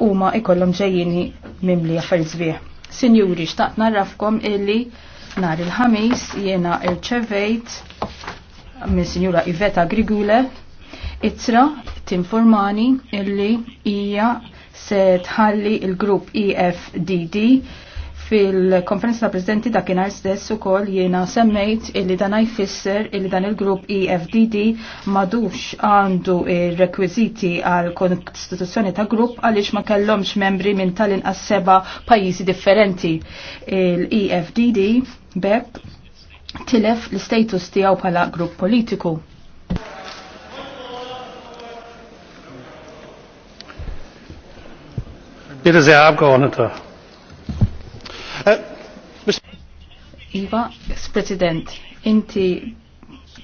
huma ikollhom ġejjini mimli affarijiet sbieħ. Sinjuri, xtaqt narrafkom illi nhar il-ħamis jiena irċevejt minn Sinjura Iveta Grigule itra tinformani illi hija se tħalli il-grupp EFDD Fil-konferenza ta' prezidenti dakinhar stess ukoll jiena semmejt illi dan jfisser illi dan il-grupp EFDD madux għandu il rekwiżiti għal konstituzzjoni ta' grupp għaliex ma kellhomx membri minn tal-inqas seba' pajjiżi differenti. Il-EFDD bepp tilef l-status tiegħu bħala grupp politiku. Bitte sehr, Herr Abgeordneter. Iva, s-President, inti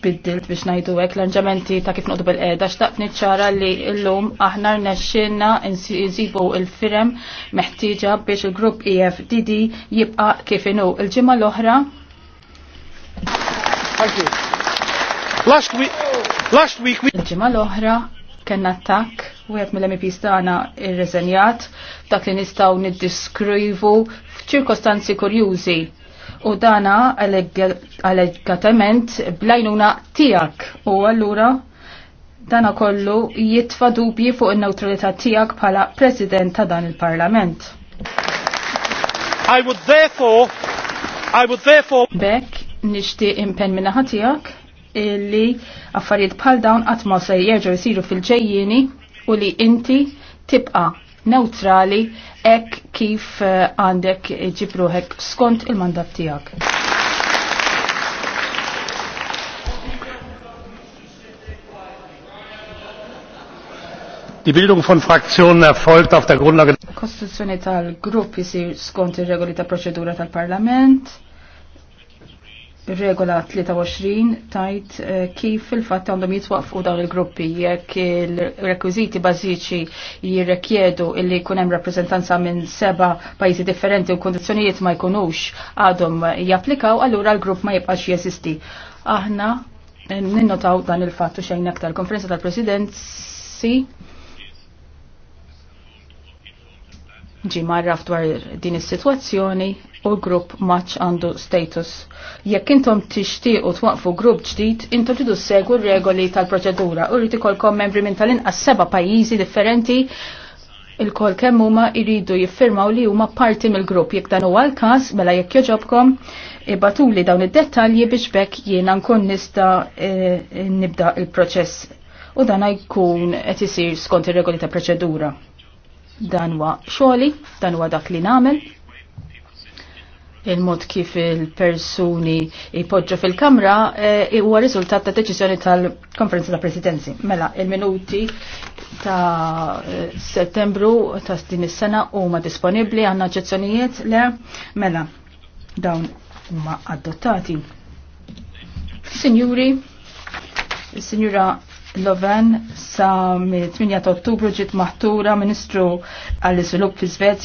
biddilt biex najdu għek l-anġamenti ta' kif noqdu bil-qeda, xtaqt ċara li l-lum aħna rnexxinna nżibu il-firem meħtieġa biex il-grupp EFDD jibqa kif inu. Il-ġimgħa l-oħra. Last week Il-ġimgħa l-oħra kena attak u għed mill-MPs tagħna ir-reżenjat dak li nistgħu niddiskrivu f'ċirkostanzi kurjużi u dana allegatament blajnuna tijak u għallura dana kollu jitfa dubji fuq il-neutralità tijak pala president ta' dan il-parlament. I would therefore, I would therefore... Bek, nishti impen minna tijak illi affarijiet bħal dawn għatma se jerġgħu jsiru fil ġejjini u li inti tibqa' neutrali ek kif eh, għandek ġibruħek skont il-mandat tijak. Die Bildung von Fraktionen erfolgt auf der Grundlage der tal-grupp jisir skont ir-regoli ta' proċedura tal-Parlament regola 23 tajt eh, kif il-fatt għandhom jitwaqfu dawn il-gruppi jekk il-rekwiziti bażiċi jirrekjedu illi jkun hemm rappreżentanza minn seba' pajjiżi differenti u kondizzjonijiet ma jkunux għadhom japplikaw allura l-grupp ma jibqax jeżisti. Aħna eh, ninnotaw dan il-fatt u xejn aktar konferenza tal si ġi marraf dwar din is-sitwazzjoni u l-grupp maċ għandu status. Jekk intom tixtiequ twaqfu grupp ġdid, intom tridu segwu regoli tal-proċedura u rrid ikolkom membri minn tal-inqas seba' pajjiżi differenti il-kol kemm huma jridu jiffirmaw li huma parti mill-grupp. Jekk dan huwa l-każ, mela jekk joġobkom, ibatuli dawn id-dettalji biex bekk jiena nkun nista' e, nibda il-proċess. U dan jkun qed isir skont ir-regoli ta' proċedura. Dan huwa xoli, dan huwa dak li nagħmel. Il-mod kif il-persuni ipoġġa fil-kamra eh, huwa e, riżultat ta' deċiżjoni tal-Konferenza ta' Presidenzi. Mela, il-minuti ta' settembru ta' din is-sena huma disponibbli għandna oġġezzjonijiet le mela dawn huma adottati. Ad Signuri, signura Loven sa 8 ottubru ġiet maħtura Ministru għall-Iżvilupp fi Svezja.